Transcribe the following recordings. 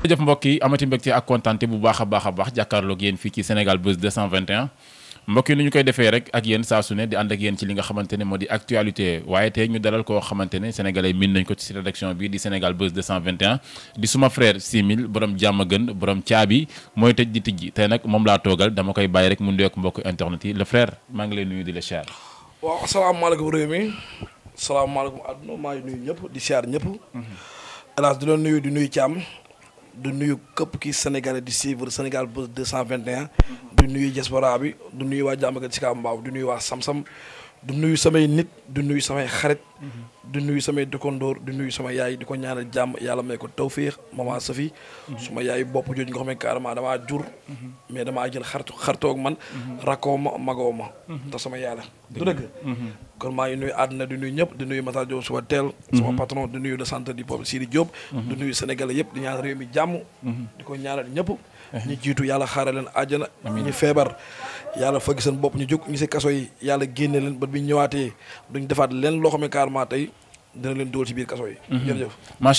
jërëjëf mbokk yi amati mbégte ak bu baax baax a baax jàkkaarloog yéen fii ci Sénégal Buzz 221 mbokk yi ni koy defee rek ak yéen saa su ne di ànd ak yéen ci li xamante ne moo di actualité waaye tey ñu dalal ne sénégalais miin nañ ko ci rédaction bi di Sénégal Buzz 221 di suma frère Simil borom jàmm gën borom caabi mooy tëj di tijji tey nag moom laa toogal dama koy bàyyi rek mu ndeek mbokk internet yi le frère maa ngi lay nuyu di la siyaar. waaw asalaamaaleykum réew mi asalaamaaleykum àdduna maa ngi nuyu ñëpp di siyaar ñëpp. El mhm. Hadj di nuyu di nuyu Thiam du nuyu këpp kii Sénégalais di suivre Sénégal Buzz 221. du nuyu diaspora bi du nuyu waa Diamaguène Sicap Mbao du nuyu waa Sam Sam du nuyu samay nit du nuyu samay xarit mhm. du nuyu samay dëkkandoor du nuyu sama yaay di ko ñaanal jàmm yàlla may ko tawféex maman Safi mhm. suma yaay bopp jooju nga xam ne carrément damaa jur mhm. mais damaa jël xartu xartoog man rakkoo ma magoo ma te sama yàlla du dëgg kon maa ngi nuyu àdduna di nuyu ñëpp di nuyu Matar Diop suba teel sama patron di nuyu le centre du peuple Sidi Diop di nuyu sénégalais yëpp di ñaanal réew mi jàmm di ko ñaanal ñëpp ñu jiitu yàlla xaare leen àjjana ñu feebar yàlla fagg seen bopp ñu jóg ñu si kaso yi yàlla génne leen ba bi ñëwaatee duñ defaat leen loo xam ne carrément tey dina leen dugal ci biir kaso yi. Mhm. jërëjëf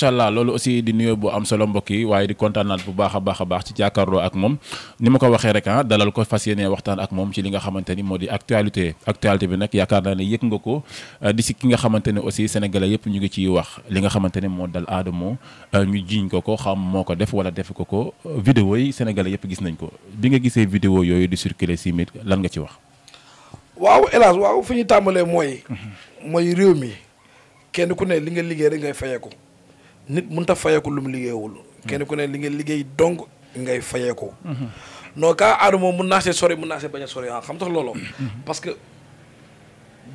allah loolu aussi di nuyoo bu am solo mbokk yi waaye di kontaanaat bu baax a baax a baax ci jàkkaarloo ak moom ni ma ko waxee rek ah dalal ko fas yéenee waxtaan ak moom ci li nga xamante ni moo di actualité actualité bi nag yaakaar naa ne yëg nga ko euh, di si ki nga xamante ne aussi sénégalais yëpp ñu ngi ciy wax li nga xamante ne moo dal Adamo euh, ñu jiiñ ko ko xam moo ko def wala def ko ko vidéo yi sénégalais yëpp gis nañ ko bi nga gisee vidéo yooyu di circuler si mit lan nga ci wax. waaw mooy. Mhm. mooy réew mi. kenn ku ne li nga liggéey rek ngay fayeeku nit mënut a fayeeku lu mu liggéeyewul kenn ku ne li nga liggéey dong ngay fayeeku mm-hmm. non kaa aadama mun naa see sori mun naa see bañ a sori ah, xam tax loolu mm-hmm. parce que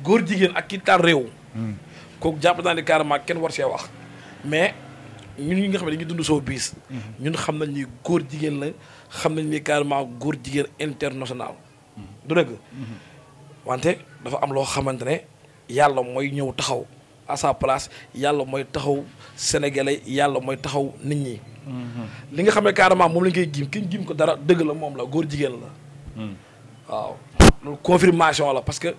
góor jigéen ak ki taal mm. kooku jàpp naa ne carrément kenn war see wax mais ñun ñi nga xam ne dañuy dund soo biis mm-hmm. ñun xam nañ ni góor jigéen la xam nañ ni carrément góor jigéen international du dëgg wante dafa am loo xamante ne yàlla mooy ñëw taxaw à sa place yàlla mooy taxaw sénégalais yàlla mooy taxaw nit ñi. Mm-hmm. li nga xam ne carrément moom la ñu koy giim ki giim ko dara dëgg la moom la góor jigéen la. Mm. waaw loolu la parce que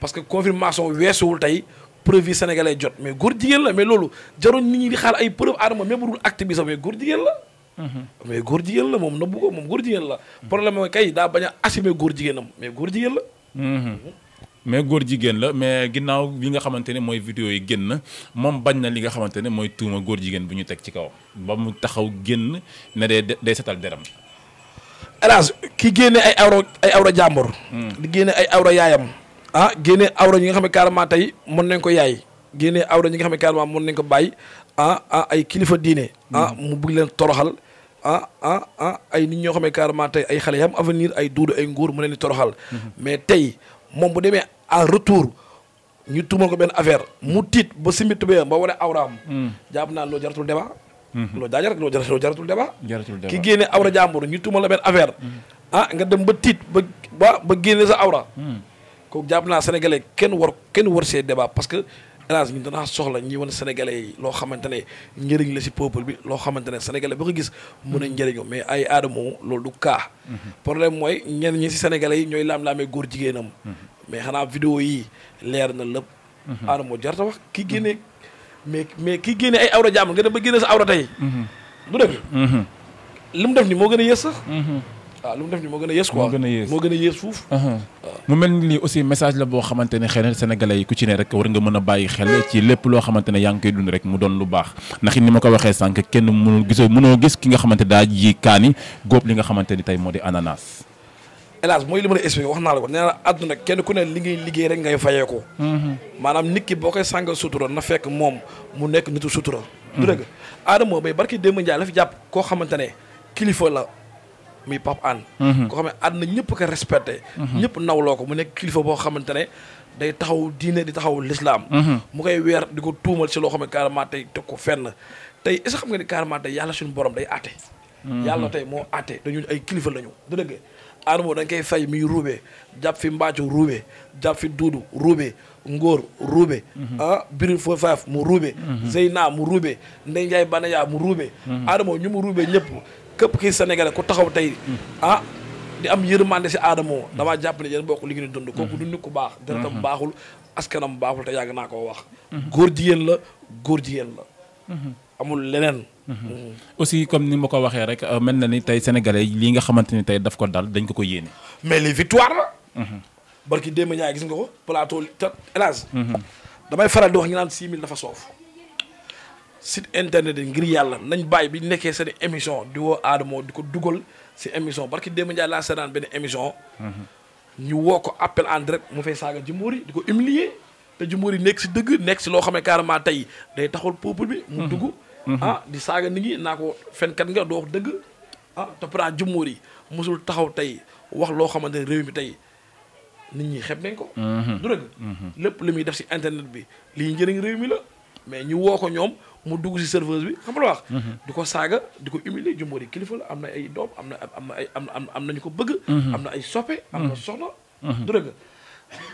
parce que confirmation weesuwul tey preuve yi sénégalais jot mais góor jigéen la mais loolu jaroon nit ñi di ay preuve aadama même bu dul acte bi sax mais góor jigéen la. Mm-hmm. la moom nëbbu ko moom góor jigéen la. Mm. problème mooy kay daa bañ a assumer góor jigéenam mais góor jigéen la. Mm-hmm. mais góor jigéen la mais ginnaaw bi nga xamante ne mooy video yi génn moom bañ na li nga xamante ne mooy tuuma góor jigéen bu ñu teg ci kaw ba mu taxaw génn ne day day setal deram hélas ki génne ay awra ay awra jàmbur hmm. di génne ay awra yaayam ah génne awra ñi nga xam ne carrément tey mën nañ ko yaay génne awra ñi nga xam ne carrément mën nañ ko bàyyi ah, ah ay kilifa diine ah hmm. mu bëgg leen toroxal ah ah ah ay nit ñoo xam ne carrément tey ay xale yam avenir ay duudu ay nguur mu leen di toroxal hmm. mais tey moom bu demee en retour ñu tuumal ko benn affaire mu tiit ba simi tubéyam ba wane awraam. Hmm. jàpp naa loo jaratul débat. Hmm. loo daa jar loo jaratul débat. jaratul débat ki génne awra jàmbur ñu tuumal la benn affaire. Hmm. Ah, nga dem ba tiit ba ba ba génne sa awra. kooku jàpp naa sénégalais kenn war kenn war see débat parce que hélas ñu danaa soxla ñi wan sénégalais loo xamante ne njëriñ la si peuple bi loo xamante ne sénégalais ba ko gis mën a njëriñoo mais ay aadamo loolu du kaa. problème mooy ñenn ñi si sénégalais yi ñooy laam-laamee góor jigéenam. mais xanaa vidéo yi leer na lépp. Mhm. Adamo jarta wax kii génne mais mais kii génne ay awra jàmm nga dem ba génne sa awra tey. Mhm. du mhm. def gën a yées sax. waaw ah, lu mu def ni moo gën a yées quoi moo gën a yées moo gën a yées ah. mu mel nii lii aussi message la boo xamante ne xëy na sénégalais yi ku ci ne rek war nga mën a bàyyi xel ci lépp loo xamante ne yaa ngi koy dund rek mu doon lu baax ndax ni ma ko waxee sànq kenn mënul gisoo mënoo gis ki nga xamante daa ji kaani góob li nga xamante ni tey moo di ananas. hélas mooy li ma wax naa la ko nee na kenn ku ne li liggéey rek ngay fayee ko. Mhm. maanaam nit ki boo koy sàngal sutura na fekk moom mu nekk nitu sutura. du dëgg mhm. Adama bay barki démb Ndiaye la fi jàpp koo xamante ne kilifa la muy Pape Hann. Mhm. koo xam ne àdduna ñëpp ko respecté. ñëpp nawloo ko mu nekk kilifa boo xamante ne day taxaw diine di taxaw lislaam mu koy weer di ko tuumal si loo xam ne carrément tey teg ko fenn tey est-ce que xam nga ni carrément tey yàlla suñu borom day àtte. yàlla tey moo àtte dañu ay kilifa lañu du armo dañ koy fay muy ruube jàpp fi mbaacu ruube jàpp fi duudu ruube ngóor ruube mhm. ah biril fo faaf mu ruube mhm. Zeyna mu ruube Ndey Njaay Banaya mu ruube mhm. Adamo ñu mu ruube ñëpp képp kii senegal ko taxaw tey ah di am yërmande si Adamo damaa jàpp ne yéen bokk li ngeen di dund kooku du nit ku baax deretam baaxul mu baaxul te yàgg naa ko wax góor jigéen la góor jigéen la amul leneen. Mhm. aussi comme ni ma ko waxee rek euh, mel na ni tey sénégalais lii nga xamante ni tey daf ko dal dañ ko ko yéene. mais li victoire la. Mhm. barki démb ñaay gis nga ko plateau te mhm. damay faral di wax ñu naan 6 000 dafa internet yi ngir yàlla nañ bàyyi bi nekkee seen émission di woo Adamo di ko dugal si émission barki démb ñaay laa seetaan benn émission. ñu woo ko appel en direct mu fay saaga jëmbur yi di ko humilier te jëmbur yi nekk si dëgg nekk si loo xam ne carrément tey day taxul peuple bi. mu dugg. Mm-hmm. Ah, di saaga nit ñi naa ko fenkat nga doo wax dëgg ah te pourtant yi mosul taxaw tey wax loo xamante ne réew mi tey nit ñi xeb nañ ko mm-hmm. du dëgg mm-hmm. lépp lu muy def si internet bi li njëriñ réew mi la mais ñu woo ko ñoom mu dugg si serveuse bi xam nga wax di ko saaga di ko humilier jumóor yi kilifa la am na ay doom am na am na ay am na am nañu ko bëgg am na ay soppe am na soxna du dëgg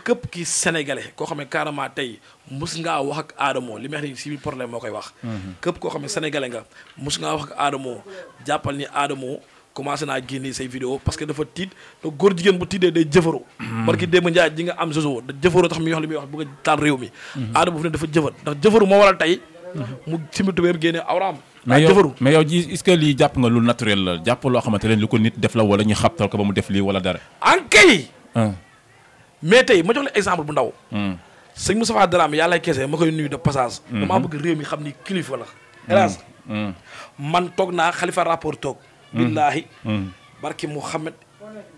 képp ki sénégalais koo xam ne carrément tey mus ngaa wax ak Adamo li may wax nii si biir problème moo koy wax. Mhm. képp koo xam ne sénégalais nga mus ngaa wax ak Adamo jàppal ni Adamo naa génne say vidéo parce que dafa tiit te góor jigéen bu tiitee day jëfaru. parce que démb njaay ji am zozo da tax mi wax li muy wax bëgg a taal réew mi. Mhm. Adamo fu ne dafa jëfar ndax jëfaru moo waral tey. Mhm. mu simbi tubéem génne awraam. mais yow mais yow ji est-ce que lii jàpp nga lu naturel la jàpp loo xamante ne lu ko nit def la wala ñu xabtal ko ba mu def lii wala dara. ankay. mais tey ma jox la exemple bu ndaw. Hmm. sëñ Moustapha Dramé yàlla kese ma koy nuyu de passage. Hmm. damaa bëgg réew mi xam ni kilifa la. hélas. Hmm. man toog naa xalifa rapport toog. billaahi. barki Mouhamed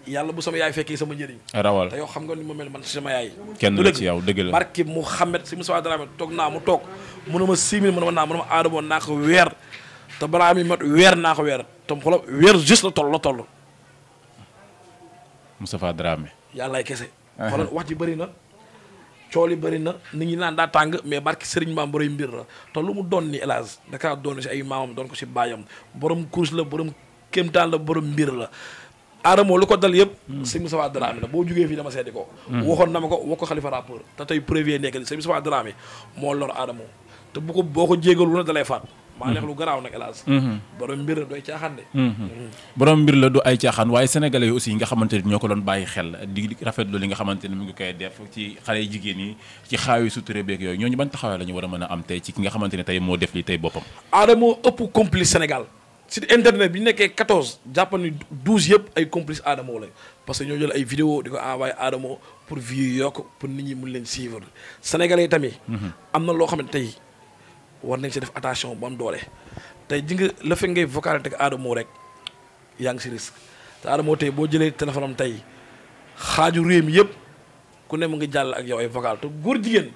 yàlla bu sama yaay fekkee sama njëriñ. rawal te nga ni ma mel man si sama yaay. kenn la ci yow dëgg la barki Mouhamed sëñ Moustapha Dramé toog naa mu toog mu a ma simil mu ne ma naa mu ne ma aadamoon naa ko weer. te balaa mi mat weer naa ko weer tam xolam weer juste la toll la toll. Moustapha Dramé. yàllaay kese. xoolal wax ji bëri na cool yi bëri na nit ñi naan daa tàng mais barki sëriñ maam borom mbir la te lu mu doon ni hélas dakaa doon si ay maamam doon ko si baayam borom kuus la borom kéemtaan la borom mbir la aadamoo lu ko dal yëpp hmm. sëñ Moustapha Dramé la boo jugee fii dama seeti ko hmm. waxoon na ma ko wax ko xalifa rappeur te tey premier nekk li sëñ Moustapha Dramé moo lor aadamoo te bu ko boo ko jégalu na dalay faat maa leex lu garaaw nag hélas mhm. borom mbir la du ay caaxaan de mhm. Mhm. borom mbir la waaye sénégalais yi nga xamante ni ñoo ko doon bàyyi xel di rafetlu li nga xamante ni mu ngi koy def ci xale yu jigéen yi ci xaawi suturé beeg yooyu ñooñu ban taxawaay la ñu war a mën a am tey ci ki nga xamante ne tey moo def li tey boppam aada moo ëpp complice Sénégal si internet bi ñu nekkee 14 jàpp ni 12 yëpp ay complice Adamo la parce que ñoo jël ay vidéo di ko envoyé Adamo pour vie yokk pour nit ñi mun leen suivre sénégalais tamit am na loo xam tey war nañ si def attention bu doole tey ji nga la fekk ngay vocalité ak Adamo rek yaa ngi si risque te Adamo tey boo jëlee téléphone am tey xaaju réew mi yëpp ku ne mu ngi jàll ak yow ay vocal te góor jigéen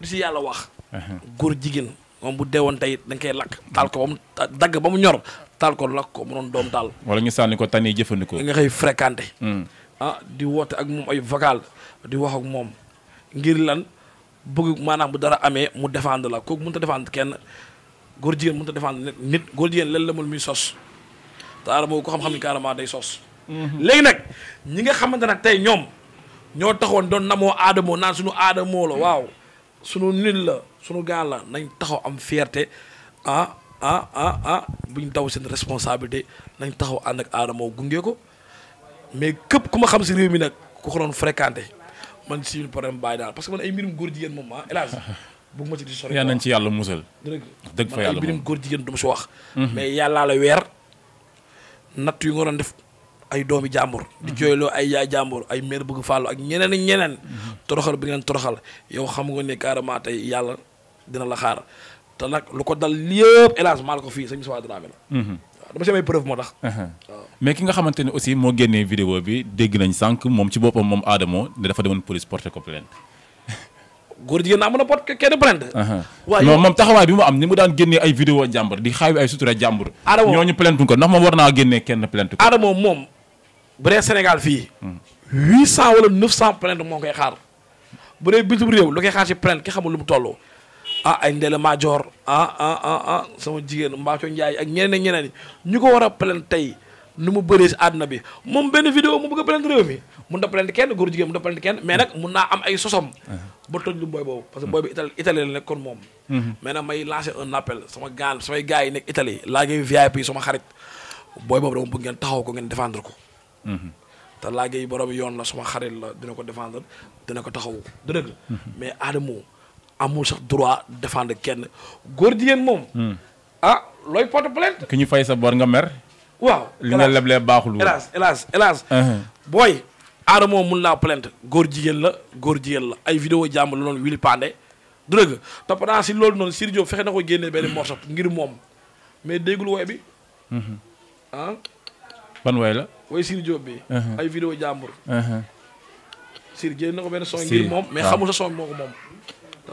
di si yàlla wax. Uh-huh. góor jigéen moom bu deewoon tey dañ koy lakk. taal ko ba dagg ba mu ñor taal ko lakk ko mu doon doom daal wala ñu sànni ko tànn yi jëfandikoo. nga koy fréquenté. Hmm. ah di woote ak moom ay vocal di wax ak moom ngir lan. bëgg maanaam bu dara amee mu défendre la kooku mënut a défendre kenn góor jigéen mënut a défendre nit góor jigéen leen la mën muy sos te aadama ko xam-xam ni mm-hmm. carrément day sos. Mm-hmm. léegi nag ñi nga xamante nag tey ñoom ñoo taxoon doon namoo aadamoo naan suñu aadamoo la mm-hmm. waaw suñu nit la suñu gaan la nañ taxaw am fierté ah ah ah, ah bu ñu daw seen responsabilité nañ taxaw ànd ak aadamoo gunge ko mais képp ku ma xam si réew mi nag ku ko doon fréquenté. man si problème bàyyi daal parce que man ay mbirum góor jigéen moom ah hélas bëgg ma ci di sori. yaa nañ yàlla mhm. mais yàllaa la weer natt yu nga doon def ay doomi jàmbur. di mhm. jooyloo ay yaay jàmbur ay mère bëgg fàllu ak ñeneen ak ñeneen. Mhm. toroxal bi ngeen toroxal yow xam nga ne carrément tey yàlla dina la xaar te nag lu ko dal yëpp hélas maa la ko fii sëñ Moussa Dramé la dama si am preuve moo tax. Uh-huh. mais ki nga xamante ne aussi moo génnee vidéo bi dégg nañ sànq moom ci boppam moom Adamo ne dafa demoon police porté ko plainte. góor jigéen naa mën a pot kenn plainte. Uh-huh. waaye non moom bi mu am ni mu daan génnee ay vidéo jàmbur di xaawi ay sutura jàmbur. Adamo ñooñu plainte ko ndax moom war naa génnee kenn plainte ko. Adamo moom bu dee Sénégal fii. 800 wala 900 plainte moo koy xaar bu dee bitim réew lu koy xaar ci plainte ki xamul lu mu toll. ah ay Ndella Madior ah ah ah ah sama jigéen Mbathio Ndiaye ak ñeneen ak ñeneen ñu ko war a plainte tey nu mu bëree si àdduna bi moom benn vidéo mu bëgg a plainte réew mi mun na plainte kenn góor jigéen mun na plainte kenn mais nag mun naa am ay sosom uh-huh. ba toj boobu parce que booy bi itali italien moom mm-hmm. mais nag may lancer un appel sama gaan samay gars yi nekk Italie laa ngay VIP sama xarit booy boobu dama bëgg ngeen taxaw ko ngeen défendre ko mm-hmm. te laa ngay borom yoon la sama xarit la dina ko défendre dina ko taxaw dëgg mm-hmm. mais Adamo amul sax droit défendre kenn góor jigéen moom. Hmm. Ah, looy porte plainte. ki ñu fay sa bor nga mer. waaw li nga leblee baaxul. hélas hélas hélas. Uh-huh. booy aara moom mun naa plainte góor jigéen la góor jigéen la ay vidéo jàmbur la noonu Willy Pandé si fexe na ko génnee benn ngir moom mais déggul bi. Uh-huh. ah. ban woy uh-huh. jàmbur. Sidy na ko benn son ngir mais xamul sa son moom.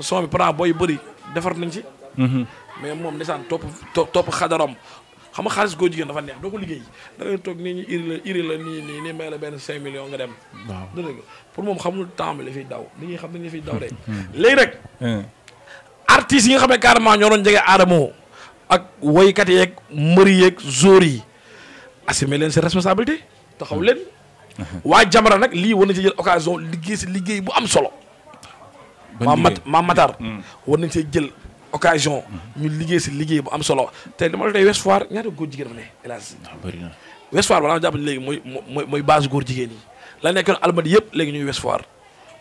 son bi Franc booy bëri defar nañ ci. Mhm. mais moom ndeysaan topp topp xadaram xam nga xaalis góor jigéen dafa neex doo ko liggéey da ngay toog nii la iri la nii may la benn 5 millions nga dem. pour moom xamul temps bi la daw li nga xam ne la fiy daw de. Hmm. léegi rek. Hmm. artistes yi nga xam ne carrément ñoo doon jege Adamo ak woykat yeeg mbëri yeeg zóor yi assumer leen seen responsabilité taxaw hmm. leen. waa Jamra nag lii war na ci jël occasion liggéey si liggéey bu am solo. maam mat maam Matar. Mm. war nañ see jël occasion. Mm. ñu liggéey si liggéey bu am solo te dama la tey West Foire ñaata góor jigéen fa ne hélas. Ah, bëri léegi mooy mooy mooy base góor jigéen yi la nekkoon almadi yëpp léegi ñuy West Foire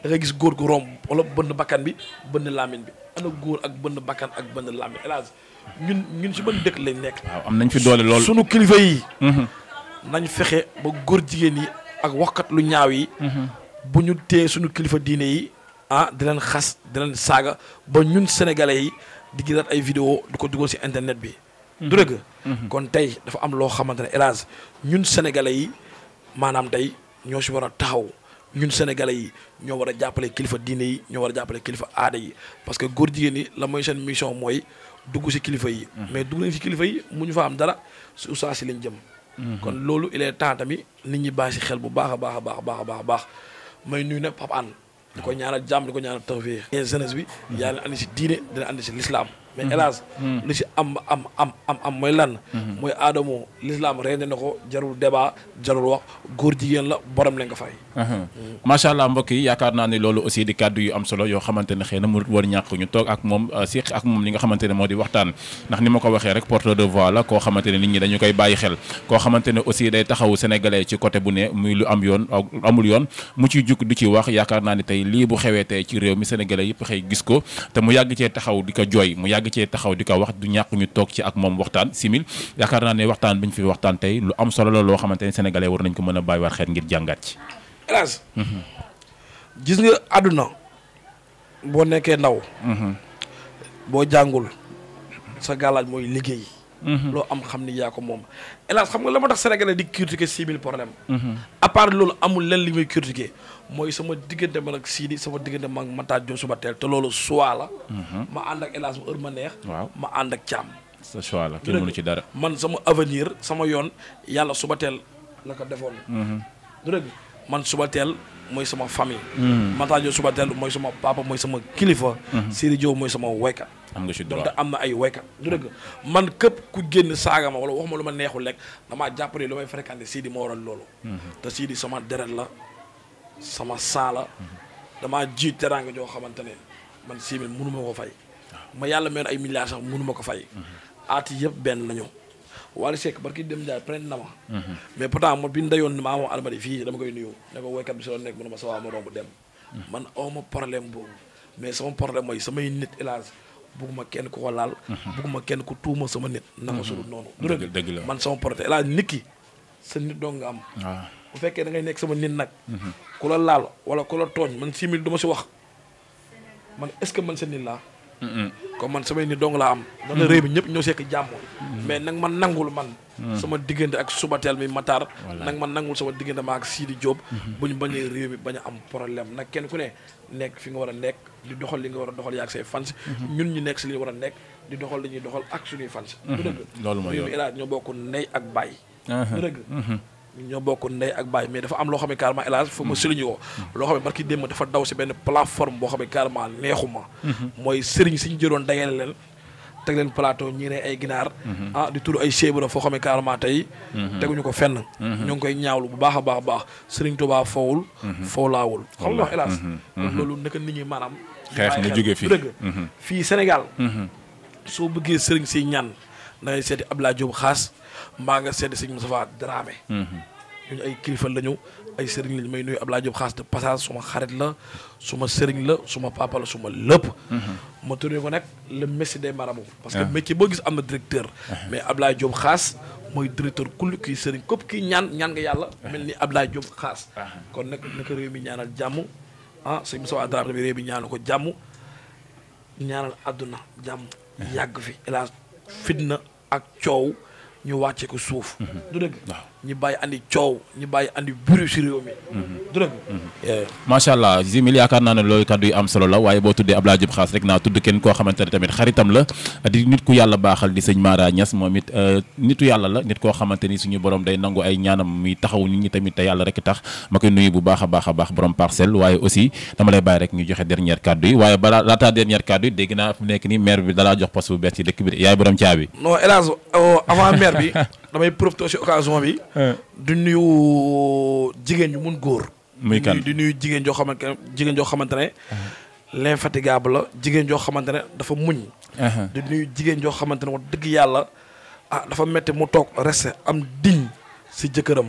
da gis góor gu romb wala bënn bakkan bi bënn laamin bi ana góor ak bënn bakkan ak bënn laamin hélas ñun ñun si ban dëkk lañ nekk. waaw am nañ fi doole lool sunu kilifa yi. Mm-hmm. nañ fexe ba góor jigéen yi ak waxkat lu ñaaw yi. Mm-hmm. bu ñu téye suñu kilifa diine yi. ah di xas di leen saaga ba ñun sénégalais yi di gisaat ay vidéo du ko dugal si internet bi. Mhm. du dëgg. Mhm. kon tey dafa am loo xamante ne hélas ñun sénégalais yi maanaam tey ñoo si war a taxaw ñun sénégalais yi ñoo war a jàppale kilifa diine yi ñoo war a jàppale kilifa aada yi parce que góor jigéen yi la mooy seen mission mooy dugg si kilifa yi. Mhm. mais dugg nañ si kilifa yi mu ñu fa am dara su saa si lañ jëm. kon loolu il est temps tamit nit ñi bàyyi si xel bu baax a baax a baax a baax a baax may nuyu nag Pape Hann di ko ñaanal jàmm di ko ñaanal tawfeex. jeunesse bi yàlla na andi si diine dina andi si lislaam mais hélas li ci am am am am mooy lan mooy aadamu l'islam rende na ko jarul débat jarul wax góor jigéen la borom la nga fay uh-huh. macha allah mbokk yi yaakaar naa ne loolu aussi di kàddu yu am solo yoo xamante ne xëy na mu war ñàkk ñu toog moom euh, siq moom li nga xamante ne moo di waxtaan ndax ni ma ko waxee rek porteur de voix la koo xamante ne nit dañu koy bàyyi xel ko xamante ne aussi day taxaw sénégalais ci côté bu ne muy lu am yoon amul yoon mu ciy jug du ci wax yaakaar naa ne tey lii bu xewee tey ci réew mi sénégalais yëpp xëy gis ko te mu yàgg cee taxaw di ko jooy mu yàgg cee taxaw di ko wax du ñàkk ñu toog ci ak moom waxtaan simil yaakaar naa ne waxtaan bi ñu waxtaan tey lu am solo loo xamante ne sénégalais war nañ ko mën a bàyyiwaat xel ngir jàngaat ci. hélas. gis nga àdduna boo nekkee ndaw. Mhm. boo jàngul sa gàllaaj mooy liggéey. Mhm. loo am xam ni yaa ko moom hélas xam nga la ma tax sénégalais di critiquer simil problème. Mhm. à loolu amul lenn li muy critiquer mooy sama diggante man ak Sidi sama diggante man ak Matar Diop suba teel te loolu choix la. Mhm. ma ànd ak hélas bu heure ma neex. waaw ma ànd ak Thiam. sa choix la kenn ci dara. man sama avenir sama yoon yàlla suba teel la ko defoon. Mhm. du dëgg man teel mooy sama famille. Mhm. Matar Diop suba teel mooy sama papa mooy sama kilifa. Sidi Diop mooy sama woykat. am nga ci droit am na ay woykat. du dëgg man képp ku génn saaga ma wala wax ma lu ma neexul lekk damaa jàpp ne lu may sii di ma waral loolu. te Sidi sama deret la. sama saala damaa ji teraanga joo xamante ne man six mille mënu fay ma yàlla meen ay milliards sax mënu ma ko fay aati yëpp benn lañu Wally Seck barki dem jaay prend na ma mais pourtant bi ndayoon ni maa moom fii dama koy nuyu ne ko woykat bi si doon nekk mënu ma sawaa ma romb dem man awma problème boobu mais sama problème mooy samay nit élage bugguma kenn ku ko laal bugguma kenn ku tuuma sama nit ma sulu noonu dëgg la man sama problème élage nit sa nit dong nga am. Ah. bu fekkee dangay ngay nekk sama nit nag. Mhm. ku la laal wala ku la tooñ man 6000 du si wax man est ce que man sa nit laa. comme man samay nit dong laa am. man la mm-hmm. réew mi ñëpp ñoo sekk jàmm. Mm-hmm. mais nag man nangul man. Mm. sama diggante ak subateel mi Matar. nag man nangul sama diggante ma ak Sidi Diop. Mm-hmm. bu ñu bañee réew mi bañ a am problème nag kenn ku ne nekk fi nga war a nekk di doxal li nga war a doxal yaa ak say fans. ñun ñu nekk si li war a nekk di doxal li ñuy doxal ak suñuy fans. du dëgg loolu mooy yow bokk ndey ak baay. dëgg mhm. ñoo bokk ndey ak baay mais dafa am loo xam ne carrément hélas fa ma sëriñ woo mhm. loo xam ne barki démb dafa daw si mhm. mooy sëriñ si ñu jëloon dajale leen teg leen ñi ne ay ginaar ah di tudd ay séebara foo xam ne carrément tey ko fenn ñu ngi koy ñaawlu bu baax a baax a baax sëriñ Tuubaa fowul fowlaawul xam nga wax hélas kon loolu naka nit ñi maanaam ñu jóge fii dëgg fii Sénégal soo bëggee sëriñ si ñaan da ngay seeti Abdoulaye Diop xaas mbaa nga sedd sëñ Moustapha Dramé mhm. ñooñu ay kilifa lañu ay sëriñ lañu may nuyu Abdoulaye Diop xaas de passage suma xarit la suma sëriñ la suma papa suma lépp mhm. ma tourné ko nag la messi de marabouts parce que ah. boo gis am na directeur ah. mais Abdoulaye Diop xaas mooy directeur kull kii sëriñ képp kii ñaan ñaan nga yàlla ah. mel ni Abdoulaye Diop xaas kon nag naka réew mi ñaanal jàmm ah sëñ Moustapha Dramé tamit réew mi ñaanal ko jàmm ñaanal àdduna jàmm yàgg fi hélas fitna ak coow ñu wàcce ko suuf. Mhm. du dëgg ñu bàyyi andi coow ñu bàyyi andi mhm. mhm. naa ne loolu kaddu am solo la waaye boo tuddee Abdoulaye Diop Khass rek naa tudd kenn koo xamante ne tamit xaritam la di nit ku yàlla baaxal di sëñ Mara Niass moom it euh, nitu yàlla la nit koo xamante ni suñu borom day nangu ay ñaanam muy taxaw nit ñi tamit te yàlla rek tax ma koy nuyu bu baax a baax a baax borom parcelle waaye aussi dama lay bàyyi rek ñu joxe dernière kaddu yi waaye balaa laataa dernière kaddu yi dégg naa fu nekk ni maire bi dalaa jox poste bu bees ci dëkk bi yaay borom caabi. non hélas euh, damay profité si occasion bi. du nuyu jigéen ñu mun góor. muy kan di nuyu jigéen joo xamante ne jigéen joo xamante ne. l'infatigable la jigéen joo xamante ne dafa muñ. di nuyu jigéen joo xamante ne dëgg yàlla ah dafa metti mu toog resté am diñ si jëkkëram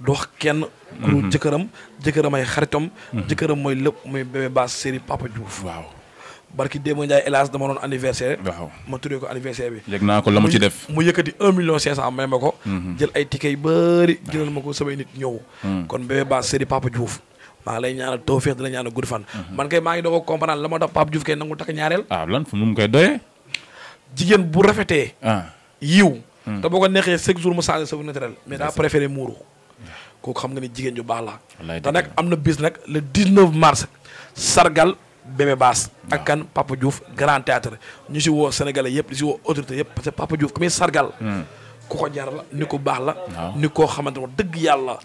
du wax kenn. ku mhm. jëkkëram jëkkëram ay xaritam. Mhm. jëkkëram mooy lépp muy bébé baas séri Papa Diouf barki démb Ndiaye hélas dama doon anniversaire. waaw ma tuddee ko anniversaire bi. yëg naa ko la mu ci def mu yëkkati un million cinq cent may ma ko. Mhm. jël ay ticket yu jëlal ma ko samay nit ñëw. Mhm. kon Bébé Bass Seri Papa Diouf. maa ngi lay ñaanal tawfeex di la ñaanal fan. Mhm. man kay maa ngi doog a comprendre la ma tax Pape Diouf kay nangu takk ñaareel. Ah, jigéen bu rafetee. Ah. yiw. te boo ko neexee chaque jour mu changé sa naturel. mais daa préféré muuru. kooku xam nga ni jigéen ju baax la. te am na bis nag le 19 mars sargal. Bébé Baas ak kan Papa Diouf Grand Théâtre ñu si woo sénégalais yëpp di si woo autorité yëpp parce que Papa Diouf ku muy sargal hmm. ko ko jar la ni ko baax la ni koo xamante moom dëgg yàlla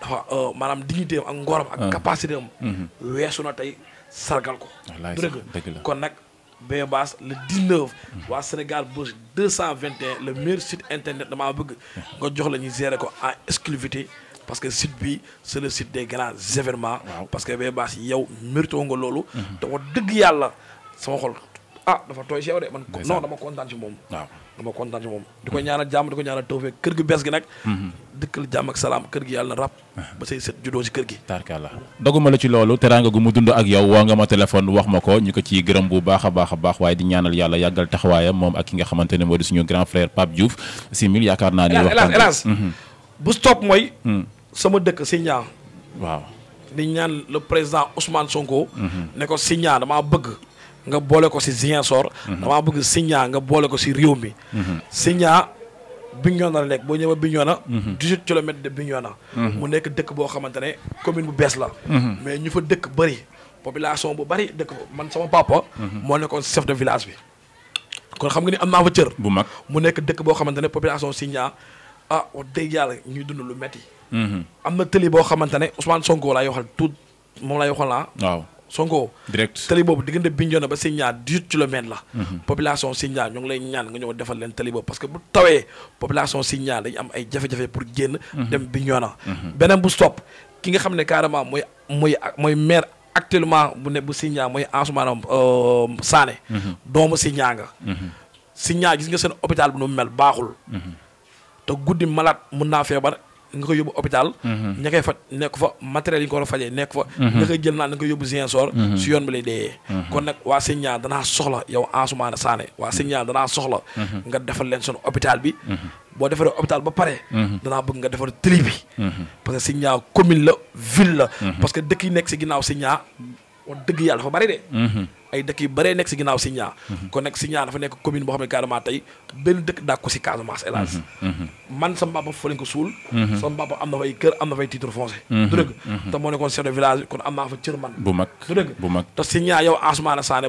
dafa euh, maanaam dignité am ak ngoram ak hmm. capacité hmm. weesu na tey sargal ko dëgg kon nag Bébé Baas le 19 waa Sénégal Buzz 221 le meilleur site internet damaa bëgg nga jox la ñuy gérer ko en exclusivité parce que site bi c'est le site des grands parce que Bébé Bass yow mérité nga loolu. Mhm. te dëgg yàlla sama xol ah dafa tooy si yow de man. non dama kontaan ci moom. waaw dama kontaan ci moom. di ko ñaanal jàmm di ko ñaanal tawfeex kër gi bees gi nag. Mhm. dëkkal jàmm ak salaam kër gi yàlla na mhm. ba say set juddoo si kër gi. tarkalla la ci loolu teraanga gu mu dund ak yow woo nga ma téléphone wax ma ko ñu ko ciy gërëm bu baax a baax a baax waaye di ñaanal yàlla yàggal taxawaayam moom ak ki nga xamante ne moo di suñu grand sama dëkk Signa. waaw di ñaan le président Ousmane Sonko. ne ko Signa damaa bëgg. nga boole ko si Ziguinchor. Mhm. damaa bëgg Signa nga boole ko si réew mi. Mhm. Signa Bignona la nekk boo ñëwee Bignona. 18 mhm. kilomètres de Bignona. mu nekk dëkk boo xamante ne commune bu bees la. mais ñu fa dëkk bëri. population bu bëri dëkk man sama papa. moo nekkoon chef de village bi. kon xam nga ni am naa fa cër. bu mag mu nekk dëkk boo xamante ne population Signa. ah wax dëgg yàlla ñuy dund lu metti mhm. am na tëli boo xamante ne Ousmane Sonko laay waxal tout moom laay waxal ah. waaw Sonko. direct tëli boobu diggante Bignona ba Sindia 18 kilomètres la. Mhm. population Sindia ñu ngi lay ñaan nga ñëw defal leen tëli boobu parce que bu tawee population Sindia dañu am ay jafe-jafe pour génn. Mhm. dem Bignona. beneen bu sop ki nga xam ne carrément mooy mooy mooy maire actuellement bu ne bu Sindia mooy Ansoumana euh, Sané. doomu Sindia nga. Sindia gis nga seen hôpital bu nu mel baaxul. te guddi malade mën naa feebar nga koy yóbbu hôpital mhm. ña koy faj nekk fa matériel yi nga ko war a fajee nekk fa mhm. nga koy jël naan nga koy yóbbu Ziguinchor mhm. si yoon bi lay deeyee kon nag waa sëñ danaa soxla nga defal leen seen hôpital bi boo defaree hôpital ba pare danaa bëgg nga defar tëli bi parce que sëñ ñaan commune la ville la parce que dëkk nekk si ginnaaw sëñ ñaan wax dëgg yàlla dafa bari de ay dëkk yu bëree nekk si ginnaaw Signa mhm. dafa nekk commune boo xam ne carrément tey benn dëkk daa ko Casamance hélas mhm. mhm. man sama papa fa lañ kon am naa fa cër man bu mag du dëgg bu mag te Signa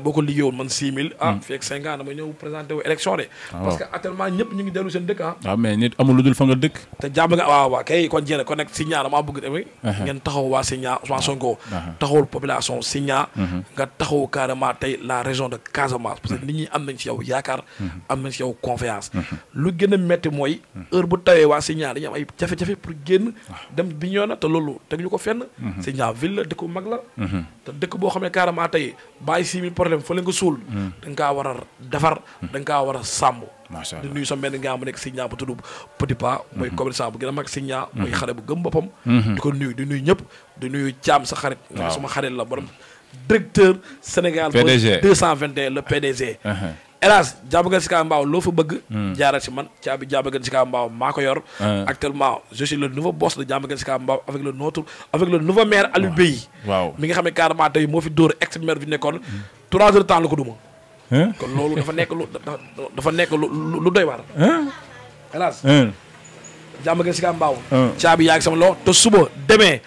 boo ko liggéeyoon man 6 000 ah fekk 5 ans dama ñëw présenté wu élection de ah, parce que actuellement ñëpp ñu ngi dellu seen dëkk ah waaw ah, mais nit amul lu dul fa nga dëkk te jàmm nga waaw waaw kon jeene kon Signa uh-huh. ah, uh-huh. mm-hmm. nga taxaw carrément pas tey la région de Casamance parce que nit ñi am nañ si yow yaakaar mhm. am nañ si yow confiance mhm. lu gën a métti mooy mhm. heure bu tawee waa Sindian dañuy am ay jafe-jafe pour génn dem Bignona te loolu teg ñu ko fenn Sindian ville la dëkk bu mag la te dëkk boo xam ne carrément tey bàyyi six mille problème fa la nga suul da nga kaa war a defar da nga kaa a sàmm macha allah di nuyu sa mel ni nga xam nekk Sindian bu tudd Petit Pas. mooy commerçant bu gën a mag Sindian. muy xale bu gëm directeur Sénégal. PDG 221 le PDG. hélas uh-huh. jàmbagan si kaa mbaaw loo fa bëgg hmm. jaaral si man caabi jàmbagan si kaa mbaaw maa ko yor uh-huh. actuellement je suis le nouveau boss de jàmbagan si kaa mbaaw avec le notre avec le nouveau maire Aliou mi nga xam ne carrément tey moo fi dóor ex bi nekkoon hmm. trois heures de temps la ko duma kon loolu dafa nekk lu dafa nekk lu lu doy waar hélas jàmbagan si kaa mbaaw caabi yaa ngi sama loxo te suba demee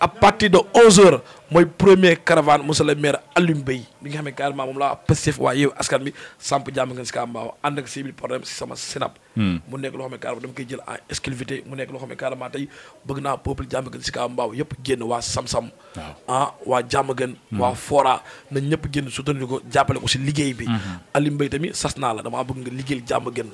à partir de 11h mooy premier caravane monsieur le maire Alioune bay bi nga xam ne carrément moom laa Pastef waa Yewwi Askan Wi samp jàmm ngeen si kaa mbaaw ànd ak si biir problème si sama Sénap. Hmm. mu nekk loo xam ne dama koy jël en exclusivité mu nekk loo xam ne carrément tey bëgg naa peuple jàmm ngeen si kaa mbaaw yëpp génn waa Sam-Sam. ah waa jàmm ngeen. Hmm. waa Fora nañ ñëpp génn soutenir ko jàppale ko si liggéey bi. Hmm. Alioune bay tamit sas naa la damaa bëgg nga liggéeyal jàmm ngeen.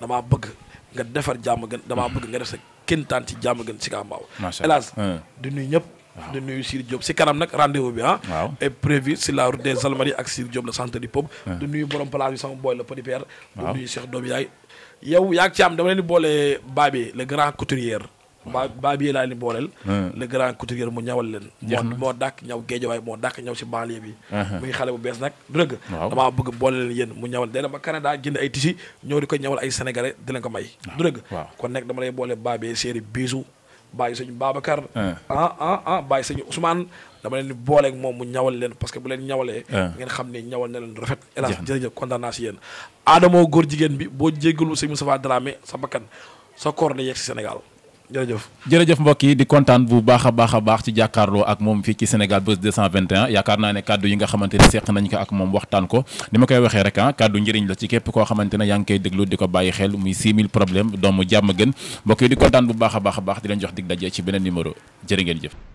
damaa bëgg nga defar jàmm ngeen damaa bëgg nga def kéntaan ci jàmm gën si kaa mbaaw hélas di nuyu ñëpp di nuyu Sir Diop si kanam nag rendez-vous bi ah est prévu si la route des ak Sir Diop le centre du peuple di nuyu borom place bi sama booy la petit père di nuyu Cheikh doomu yaay yow yaa ngi ci am dama leen di boole Babé le grand couturier baa baa bi laa leen booleel hmm. le grand couturier mu ñawal leen moo moo dàkk ñaw géejawaay moo dàkk ñaw si banlieue bi hmm. muy xale bu bees nag dëgg damaa bëgg boole leen yéen mu ñawal de dana ba Canada jënd ay tisi ñëw di ko ñawal ay sénégalais di leen ko may dëgg kon nekk dama lay boole baa bi séeri biisu bàyyi sëñ Babacar hmm. ah ah, ah bàyyi sëñ Ousmane dama leen di booleeg moom mu ñawal leen parce que bu leen ñawalee ngeen xam ne ñawal na leen rafet hélas jërëjëf kontaan naa si yéen aadamoo góor jigéen bi boo jéggalu sëñ Moustapha Dramé sa bakkan sa koor la yeeg si Sénégal jërëjëf jërëjëf mbokk yi di kontaan bu baax a baax a baax ci jàkkaarloo ak moom fii ci Sénégal Buzz 221 yaakaar naa ne kàddu yi nga xamante ne seq nañ ko ak moom waxtaan ko ni ma koy waxee rek ah, kàddu njëriñ la ci képp koo xamante ne yaa ngi koy déglu di ko bàyyi xel muy 6000 problème doomu jàmm gën mbokk yi di kontaan bu baax a baax a baax di leen jox dig daje ci beneen numéro jërë ngeen jëf